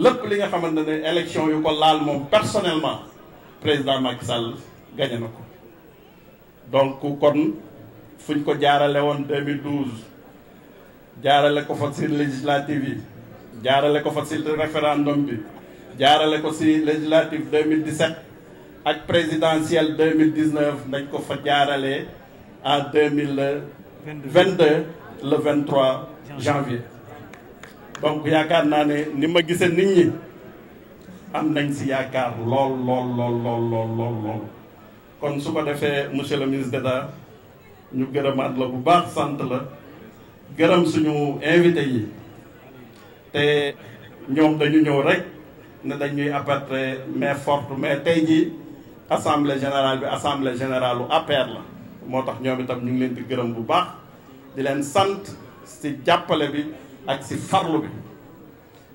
lépp li nga xamante ne élection yu ko laal moom personnellement président Macky Sall gagné na ko donc kon fuñ ko jaarale woon 2012 jaarale ko fa si législative yi jaarale ko fa si référendum bi jaarale ko si législative 2017 ak présidentielle 2019 nañ ko fa jaarale en 2022 le 23 janvier donc yaakaar naa ne ni ma gisee nit ñi am nañ si yaakaar lool lool lool lool lool lool kon su ko defee monsieur le ministre d'État ñu gërëm gërëmaat la bu baax sant la gërëm suñu invité yi te ñoom dañu ñëw rek ne dañuy apporter main forte mais tey jii assemblée général bi assemblée générale u APR la moo tax ñoom itam ñu ngi leen di gërëm bu baax di leen sant si jàppale bi ak si farlu bi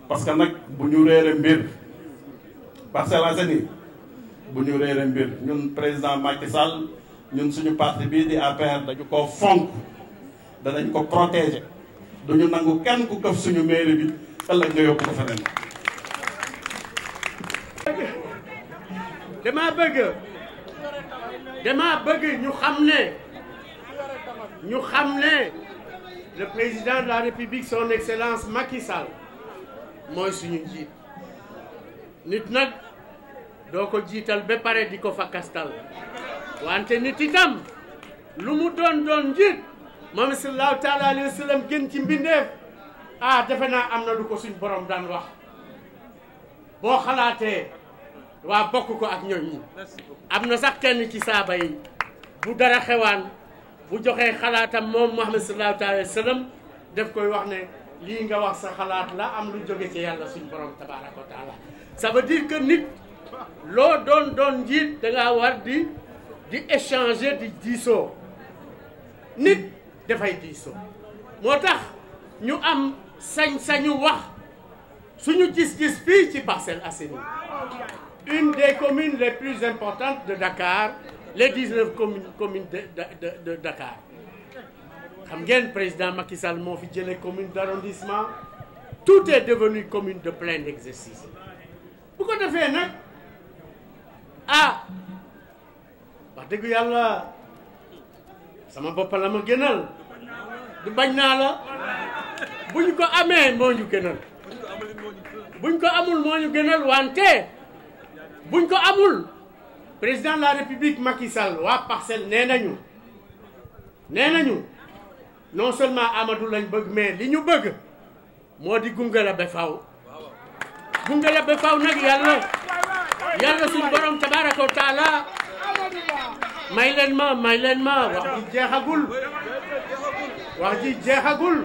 parce que nag bu ñu réere mbir Parcelles Assainies bu ñu réere mbir ñun président Macky Sall ñun suñu parti bii di APR dañu ko fonk danañ ko protéger duñu nangu kenn ku këf suñu mairie bi ëllëg nga yóbbu ko feneen dama bëgg ñu xam ne ñu xam ne le président de la république son excellence Macky Sall mooy suñu njiit nit nag doo ko jiital ba pare di ko fa kastal wante nit itam lu mu doon doon njiit moom sallallahu taala alayhi wa sallam ci mbindeef ah defe naa am na lu ko suñ borom daan wax boo xalaatee waa bokk ko ak ñoom ñi am na sax kenn ci saaba yi bu dara xewaan bu joxee xalaatam moom Muhammad sallallahu alayhi wa sallam daf koy wax ne lii nga wax sa xalaat la am lu jóge ci yàlla suñ borom tabaaraka wa taala ça veut dire que nit loo doon doon njiit da war di di échanger di diisoo nit dafay diisoo moo tax ñu am sañ-sañu wax suñu gis-gis fii ci Parcelles Assainies une des communes les plus importantes de Dakar les 19 communes communes de de de xam ngeen président Macky Sall moo fi jëlee commune d'arrondissement tout est devenu commune de plein exercice bu ko defee nag ah wax dëgg yàlla sama bopp la ma gënal du bañ naa la bu ñu ko amee moo ñu gënal buñ ko amul moo ñu gënal wante buñ ko amul. président de la république Macky Sall waa parcelle nee nañu nee nañu non seulement Amadou lañ bëgg mais li ñu bëgg moo di gunge la ba faaw gunge la ba faaw nag yàlla yàlla suñu borom tabaraka wa taala may leen ma may leen ma wax ji jeexagul wax ji jeexagul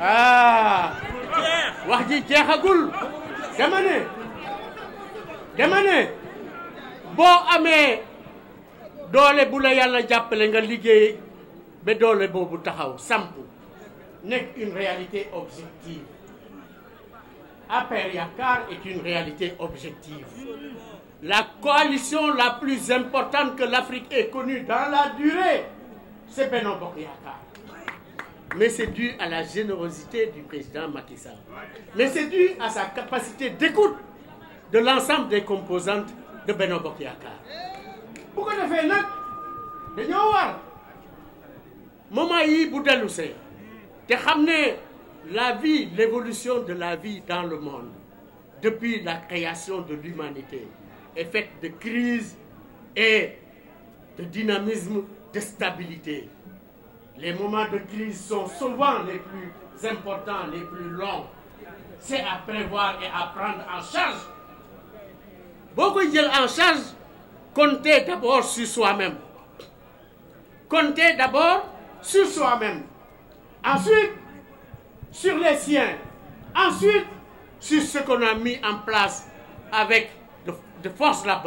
ah wax ji jeexagul dama boo amee doole bu la yàlla jàppale nga liggéey ba doole boobu taxaw samp nekk une réalité objective APR Yakar est une réalité objective la coalition la plus importante que l'Afrique ait connue dans la durée c'est Benno Bokk Yakaar mais c'est dû à la générosité du président Macky mais c'est dû à sa capacité d'écoute de l'ensemble des composantes de Benno Bokk Yaakaar bu ko defee nag dañoo war moment yi bu dellu see te xam ne la vie l'évolution de la vie dans le monde depuis la création de l'humanité est de crises et de dynamisme de stabilité les moments de crise sont souvent les plus importants les plus longs c'est à prévoir et à prendre en charge boo koy jël en charge compter d'abord sur soi-même compter d'abord sur soi-même ensuite sur les siens ensuite sur ce qu'on a mis en place avec de, de force la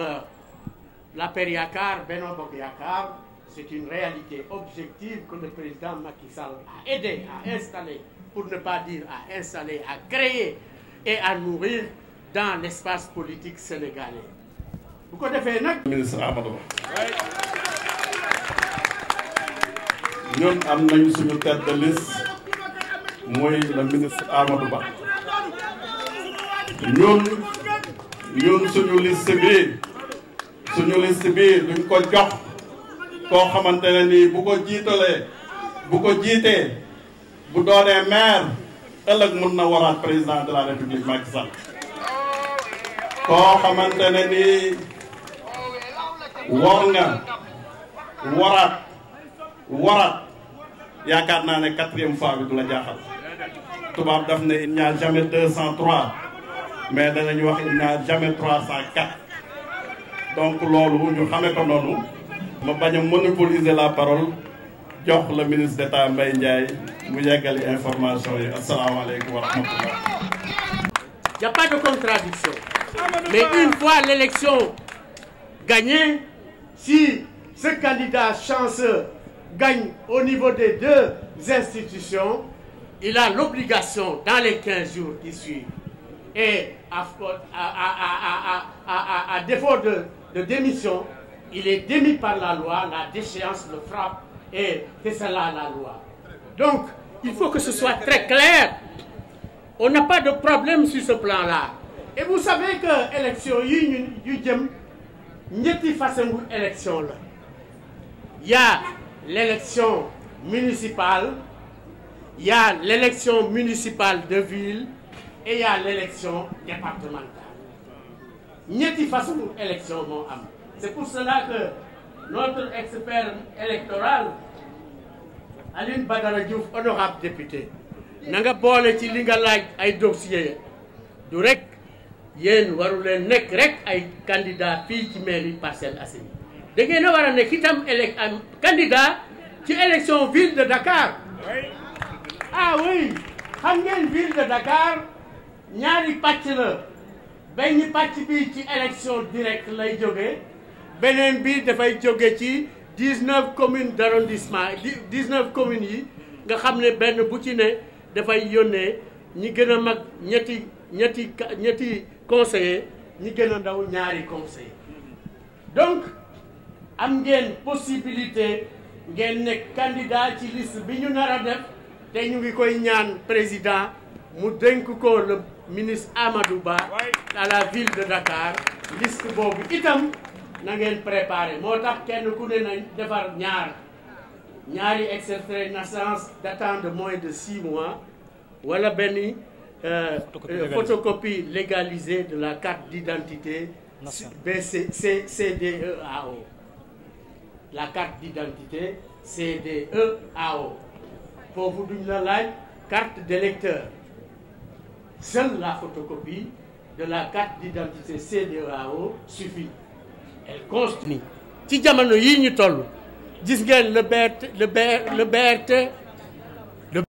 l'APR Yaakaar Benno Bokk Yaakaar c'est une réalité objective que le président Macky a aidé à installer pour ne pas dire à installer à créer et à nourrir dans l'espace politique sénégalais bu ko defee nag. ministre Amadou Ba ñun ñun suñu liste bii suñu liste bii duñ ko jox koo xamante ne nii bu ko jiitalee bu ko jiitee bu doonee maire ëllëg mun na waraat président de la république Macky Sall. koo xamante ne nii wor nga waraat yaakaar naa ne quatrième fois bi du la jaaxal tubaab daf ne il n'y a mais danañu wax il n'y a trois cent quatre donc loolu ñu xamee ko ma bañ a la parole jox la ministre d'État Mbaye Ndiaye mu yeggali information yi asalaamaaleykum wa rahmatullah Il n'y a pas de contradiction. Mais une fois l'élection gagnée, si ce candidat chanceux gagne au niveau des deux institutions, il a l'obligation dans les 15 jours qui suivent et à, à, à, à défaut de, de, démission, il est démis par la loi, la déchéance le frappe et c'est cela la loi. Donc, il faut que ce soit très clair on n'a pas de problème sur ce plan-là et vous savez que élection yi ñu yu jëm ñetti façon élection la y a l'élection municipale y l'élection municipale de ville et y a l'élection départementale ñetti façon élection moo am c'est pour cela que notre expert électoral Aline Badara Diouf honorable député na nga boole ci li nga laaj ay dossier du rek yéen waru leen nekk rek ay candidat fii ci mairie Parcelles Assainies da ngeen a war a nekk itam élec am candidat ci élection ville de Dakar ah xam ngeen ville de Dakar ñaari pàcc la benn pàcc bi ci élection directe lay jógee beneen bi dafay jóge ci dix-neuf communes d'arrondissement dix communes yi nga xam ne benn bu ci ne dafay yónnee ñi gën a mag ñetti ñetti ñetti conseiller ñi gën a ndaw ñaari conseiller donc am ngeen possibilité ngeen nekk candidat ci liste bi ñu nar a def te ñu ngi koy ñaan président mu dénk ko le ministre Amadou Ba à la ville de Dakar liste boobu itam na ngeen préparé moo tax kenn ku ne nañ defar ñaar ñaari extrait naissance datant de moins de six mois wala benn euh, euh, photocopie légalisée de la carte d'identité CDEAO la carte d'identité CDEAO foofu duñ la laaj carte d'électeur seule la photocopie de la carte d'identité CDEAO suffit elle constitue ci jamono yi ñu toll gis ngeen le BRT le BRT